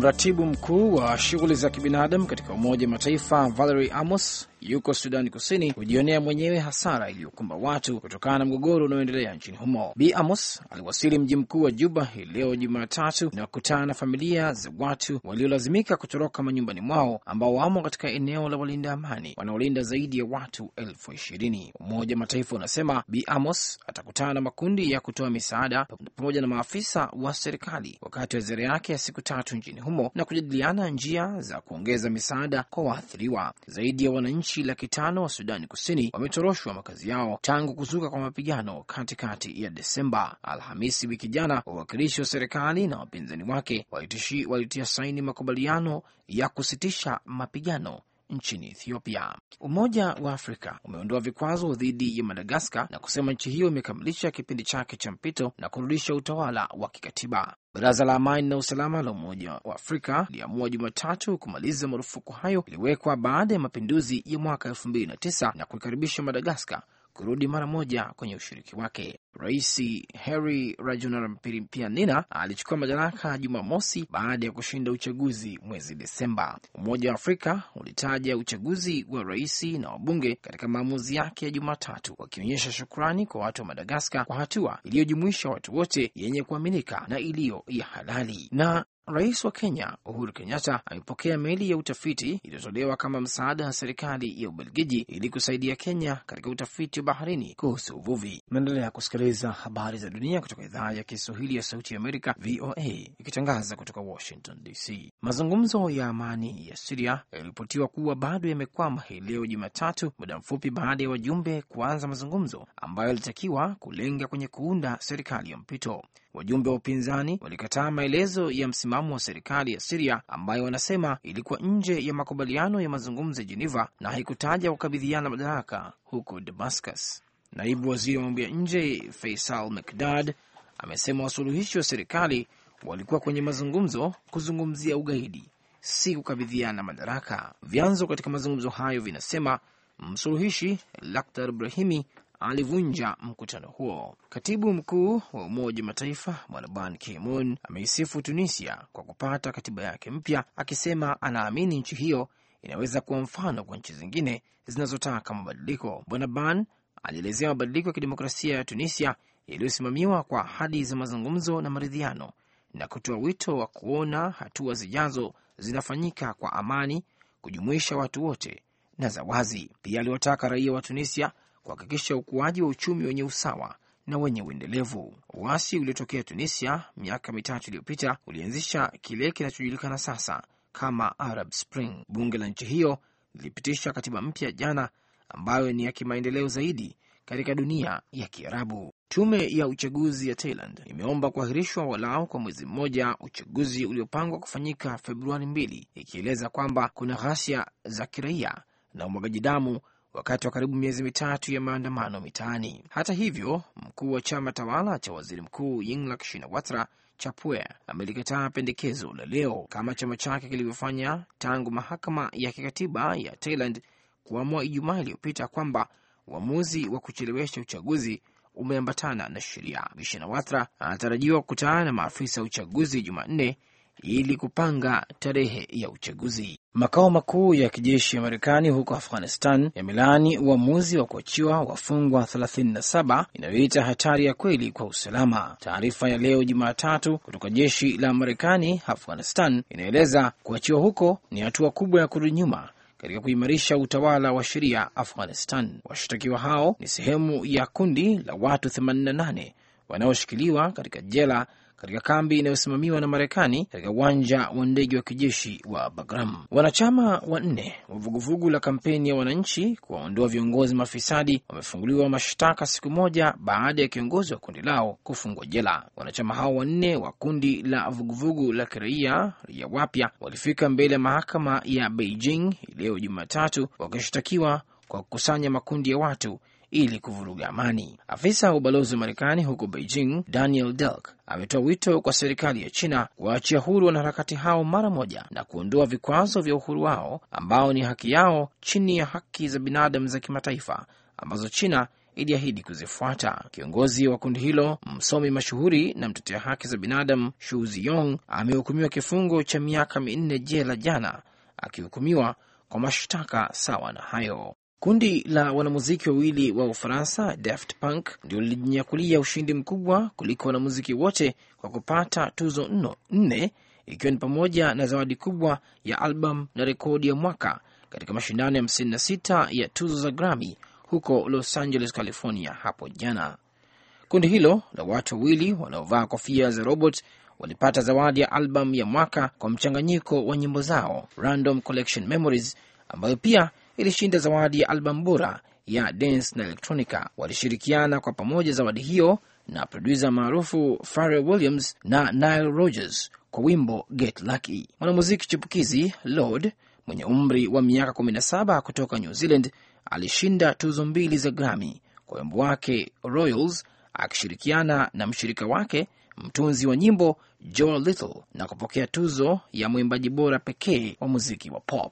Mratibu mkuu wa shughuli za kibinadamu katika Umoja wa Mataifa Valerie Amos yuko Sudani Kusini kujionea mwenyewe hasara iliyokumba watu kutokana na mgogoro unaoendelea nchini humo. Bi Amos aliwasili mji mkuu wa Juba hii leo Jumatatu na kukutana na familia za watu waliolazimika kutoroka manyumbani mwao ambao wamo katika eneo la walinda amani wanaolinda zaidi ya watu elfu ishirini. Umoja wa Mataifa unasema Bi Amos atakutana na makundi ya kutoa misaada pamoja na maafisa wa serikali wakati wa ziara yake ya siku tatu nchini humo humo na kujadiliana njia za kuongeza misaada kwa waathiriwa. Zaidi ya wananchi laki tano wa Sudani Kusini wametoroshwa makazi yao tangu kuzuka kwa mapigano katikati ya Desemba. Alhamisi wiki jana, wawakilishi wa serikali na wapinzani wake walitia saini makubaliano ya kusitisha mapigano nchini Ethiopia. Umoja wa Afrika umeondoa vikwazo dhidi ya Madagaskar na kusema nchi hiyo imekamilisha kipindi chake cha mpito na kurudisha utawala wa kikatiba. Baraza la Amani na Usalama la Umoja wa Afrika liliamua Jumatatu kumaliza marufuku hayo iliyowekwa baada ya mapinduzi ya mwaka elfu mbili na tisa na kuikaribisha Madagaskar kurudi mara moja kwenye ushiriki wake. Rais Harry Rajaonarimampianina alichukua madaraka Jumamosi baada ya kushinda uchaguzi mwezi Desemba. Umoja wa Afrika ulitaja uchaguzi wa rais na wabunge katika maamuzi yake ya Jumatatu, wakionyesha shukrani kwa watu wa Madagaskar kwa hatua iliyojumuisha watu wote yenye kuaminika na iliyo ya halali. Na Rais wa Kenya Uhuru Kenyatta amepokea meli ya utafiti iliyotolewa kama msaada wa serikali ya Ubelgiji ili kusaidia Kenya katika utafiti wa baharini kuhusu uvuvi. Naendelea kusikiliza habari za dunia kutoka idhaa ya Kiswahili ya Sauti ya Amerika, VOA, ikitangaza kutoka Washington DC. Mazungumzo ya amani ya Siria yaliripotiwa kuwa bado yamekwama hii leo Jumatatu, muda mfupi baada ya wajumbe kuanza mazungumzo ambayo yalitakiwa kulenga kwenye kuunda serikali ya mpito wajumbe wa upinzani walikataa maelezo ya msimamo wa serikali ya Siria ambayo wanasema ilikuwa nje ya makubaliano ya mazungumzo ya jeneva na haikutaja kukabidhiana madaraka huko Damascus. Naibu waziri wa mambo ya nje Faisal Mekdad amesema wasuluhishi wa serikali walikuwa kwenye mazungumzo kuzungumzia ugaidi, si kukabidhiana madaraka. Vyanzo katika mazungumzo hayo vinasema msuluhishi Lakhdar Brahimi alivunja mkutano huo. Katibu mkuu wa Umoja Mataifa Bwana Ban Ki-moon ameisifu Tunisia kwa kupata katiba yake mpya, akisema anaamini nchi hiyo inaweza kuwa mfano kwa nchi zingine zinazotaka mabadiliko. Bwana Ban alielezea mabadiliko ya kidemokrasia ya Tunisia yaliyosimamiwa kwa ahadi za mazungumzo na maridhiano na kutoa wito wa kuona hatua zijazo zinafanyika kwa amani, kujumuisha watu wote na za wazi. Pia aliwataka raia wa Tunisia kuhakikisha ukuaji wa uchumi wenye usawa na wenye uendelevu. Uasi uliotokea Tunisia miaka mitatu iliyopita ulianzisha kile kinachojulikana sasa kama Arab Spring. Bunge la nchi hiyo lilipitisha katiba mpya jana, ambayo ni ya kimaendeleo zaidi katika dunia ya Kiarabu. Tume ya uchaguzi ya Thailand imeomba kuahirishwa walau kwa mwezi mmoja uchaguzi uliopangwa kufanyika Februari mbili, ikieleza kwamba kuna ghasia za kiraia na umwagaji damu wakati wa karibu miezi mitatu ya maandamano mitaani. Hata hivyo, mkuu wa chama tawala cha waziri mkuu Yingluck Shinawatra cha amelikataa pendekezo la leo kama chama chake kilivyofanya tangu mahakama ya kikatiba ya Thailand kuamua Ijumaa iliyopita kwamba uamuzi wa kuchelewesha uchaguzi umeambatana na sheria. Shinawatra anatarajiwa kukutana na maafisa wa uchaguzi Jumanne ili kupanga tarehe ya uchaguzi. Makao makuu ya kijeshi ya Marekani huko Afghanistan yamelaani uamuzi wa kuachiwa wafungwa 37 inayoita hatari ya kweli kwa usalama. Taarifa ya leo Jumatatu kutoka jeshi la Marekani Afghanistan inaeleza kuachiwa huko ni hatua kubwa ya kurudi nyuma katika kuimarisha utawala wa sheria Afghanistan. Washtakiwa hao ni sehemu ya kundi la watu 88 wanaoshikiliwa katika jela katika kambi inayosimamiwa na Marekani katika uwanja wa ndege wa kijeshi wa Bagram. Wanachama wanne wa vuguvugu la kampeni ya wananchi kuwaondoa viongozi mafisadi wamefunguliwa mashtaka siku moja baada ya kiongozi wa kundi lao kufungwa jela. Wanachama hao wanne wa kundi la vuguvugu la kiraia raia wapya walifika mbele ya mahakama ya Beijing leo Jumatatu wakishtakiwa kwa kukusanya makundi ya watu ili kuvuruga amani. Afisa wa ubalozi wa Marekani huko Beijing, Daniel Delk, ametoa wito kwa serikali ya China kuwaachia huru wanaharakati hao mara moja na kuondoa vikwazo vya uhuru wao ambao ni haki yao chini ya haki za binadamu za kimataifa ambazo China iliahidi kuzifuata. Kiongozi wa kundi hilo, msomi mashuhuri na mtetea haki za binadamu Shu Ziyong amehukumiwa kifungo cha miaka minne jela jana, akihukumiwa kwa mashtaka sawa na hayo. Kundi la wanamuziki wawili wa Ufaransa, Daft Punk, ndio lilijinyakulia ushindi mkubwa kuliko wanamuziki wote kwa kupata tuzo nno nne, ikiwa ni pamoja na zawadi kubwa ya albam na rekodi ya mwaka katika mashindano ya 56 ya tuzo za Grammy huko Los Angeles, California hapo jana. Kundi hilo la watu wawili wanaovaa kofia za robot walipata zawadi ya albamu ya mwaka kwa mchanganyiko wa nyimbo zao Random Collection Memories, ambayo pia ilishinda zawadi ya albamu bora ya dance na electronica. Walishirikiana kwa pamoja zawadi hiyo na produsa maarufu Pharrell Williams na Nile rogers kwa wimbo Get Lucky. Mwanamuziki chipukizi Lord mwenye umri wa miaka 17 kutoka New Zealand alishinda tuzo mbili za Grammy kwa wimbo wake Royals akishirikiana na mshirika wake mtunzi wa nyimbo jo Little na kupokea tuzo ya mwimbaji bora pekee wa muziki wa pop.